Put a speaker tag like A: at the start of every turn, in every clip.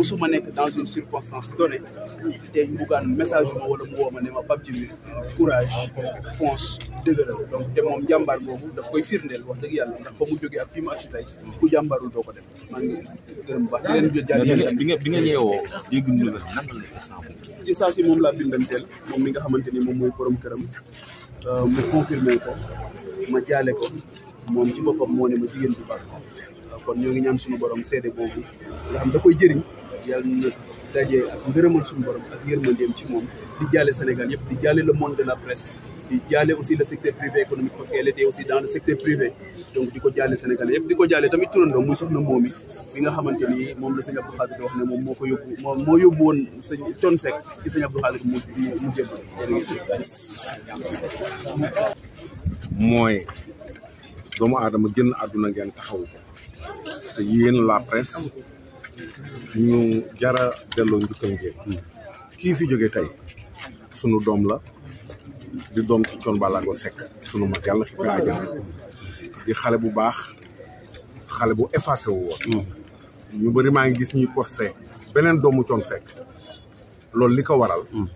A: musuma nekk dans une circonstance donnée tey Bougane message ma wala mu woo ma ne ma Pape Djibril courage fonce dëgëral te moom jàmbaar boobu daf koy firndeel wax dëgg yàlla ndax fa mu jógee ak fi mu agsi tey ku jàmbaarul doo ko def maa ngi gërëm bi nga bi nga yeewoo dégg nouvelle nan la instant ci saa si moom laa bindanteel moom mi nga xamante ni moom mooy borom këram euh, mu confirmé ko ma ko moom ci boppam moo ne ma jigéen bu baax euh, kon ñoo ngi ñaan suñu borom seede boobu nga xam da koy jëriñ yàlla na daje ak ngërëmal suñu borom ak ci di jaale Sénégal di jaale le monde de la presse di jaale aussi le secteur privé économique parce qu'elle était aussi dans le secteur privé donc di ko Sénégal di ko tamit turandoo muy soxna moom bi nga xamante ni la sëñ Khadir wax ne moom moo ko yóbbu moo moo yóbbu ci Abdou Khadir mu
B: doomu ngeen taxaw la presse ñu jara delloo njukkal ngeen kii fi jóge tey sunu doom la di doom ci Thione Ballago Seck sunu mag yàlla fi kaa jël di xale bu baax xale bu effacé wu woon hmm. ñu bëri maa ngi gis ñuy posté beneen doomu Thione Seck loolu li ko waral hmm.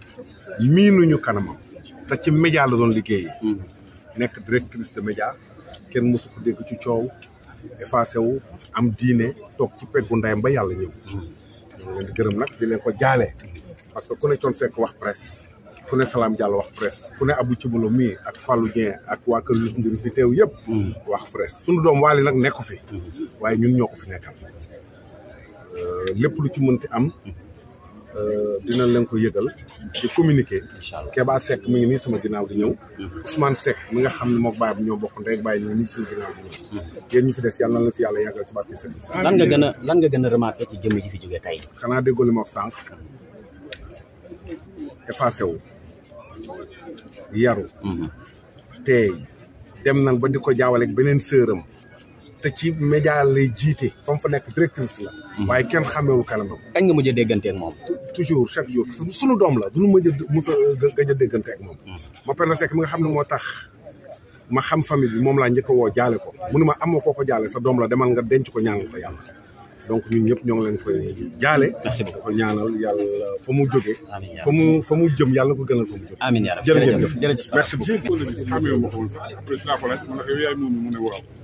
B: miinuñu kanamam te ci média la doon liggéey hmm. nekk directrice de média kenn mosu ko dégg ci coow effacé wu am diine toog ci peggu ndayam ba yàlla ñëw. ñu ngi leen di gërëm nag di leen ko jaale. parce que ku ne Thione Seck wax presse. ku ne Salam Diallo wax presse. ku ne Abou Thioubalo mii ak Fallou Dieng ak waa kër Youssou Ndour fi teew yëpp. wax presse sunu doom Wally nag nekku fi. waaye ñun ñoo ko fi nekkal. Euh, lépp lu ci mënti am. Euh, dinañ leen ko yëgal ci communiqué Keba Seck mi ngi nii sama ginnaaw di ñëw mhm. Ousmane Seck mi nga xam ne mook baay bu ñoo bokk ndey baay ñu nii suñu ginnaaw di ñëw mhm. yéen ñu fi des yàlla na leen fi yàlla yàggal ci barke sëriñ sa lan nga gën a
A: lan nga gën a remarqué ci jëmm ji fi jógee
B: tey xanaa déggoo li ma wax sànq effacé wu yaru mhm. teey dem nañ ba di ko jaawaleeg beneen sëram te ci média lay jiite fa mu fa nekk directrice la. Mm-hmm. waaye kenn xamewul kanamam. kañ nga mujj a déggante ak moom. toujours chaque jour parce que sunu doom la du nu mujj a mus a gëj a mm-hmm. ma pare na sekk mi nga xam ne moo tax ma xam famille bi moom laa njëkk woo jaale ko mu ne ma amoo koo ko jaale sa doom la demal nga denc ko ñaanal ko yàlla donc ñu ñëpp ñoo ngi leen koy jaale. merci beaucoup ko ñaanal yàlla fa mu jógee. amiin fa mu fa mu jëm yàlla ko gënal fa mu
C: jëm. amiin yàlla jërëjëf jërëjëf merci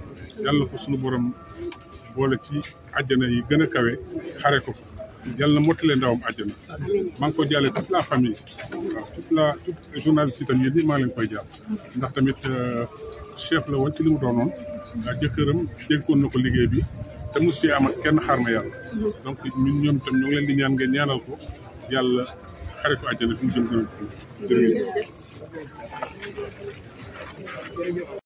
C: yàlla ko suñu boroom boole ci àjjana yi gën a kawe xare ko yàlla na mottale ndawam àjjana maa ngi ko jàlle toute la famille waaw toute la toute journaliste yi maa leen koy jàll ndax tamit euh, chef la woon ci li mu doonoon jëkkëram déggoon na ko liggéey bi te mos see kenn xaar ma yàlla donc ñun ñoom itam ñu ngi leen di ñaan ngeen ñaanal ko yàlla xare ko àjjana fi mu jëm gën
A: a jërëjëf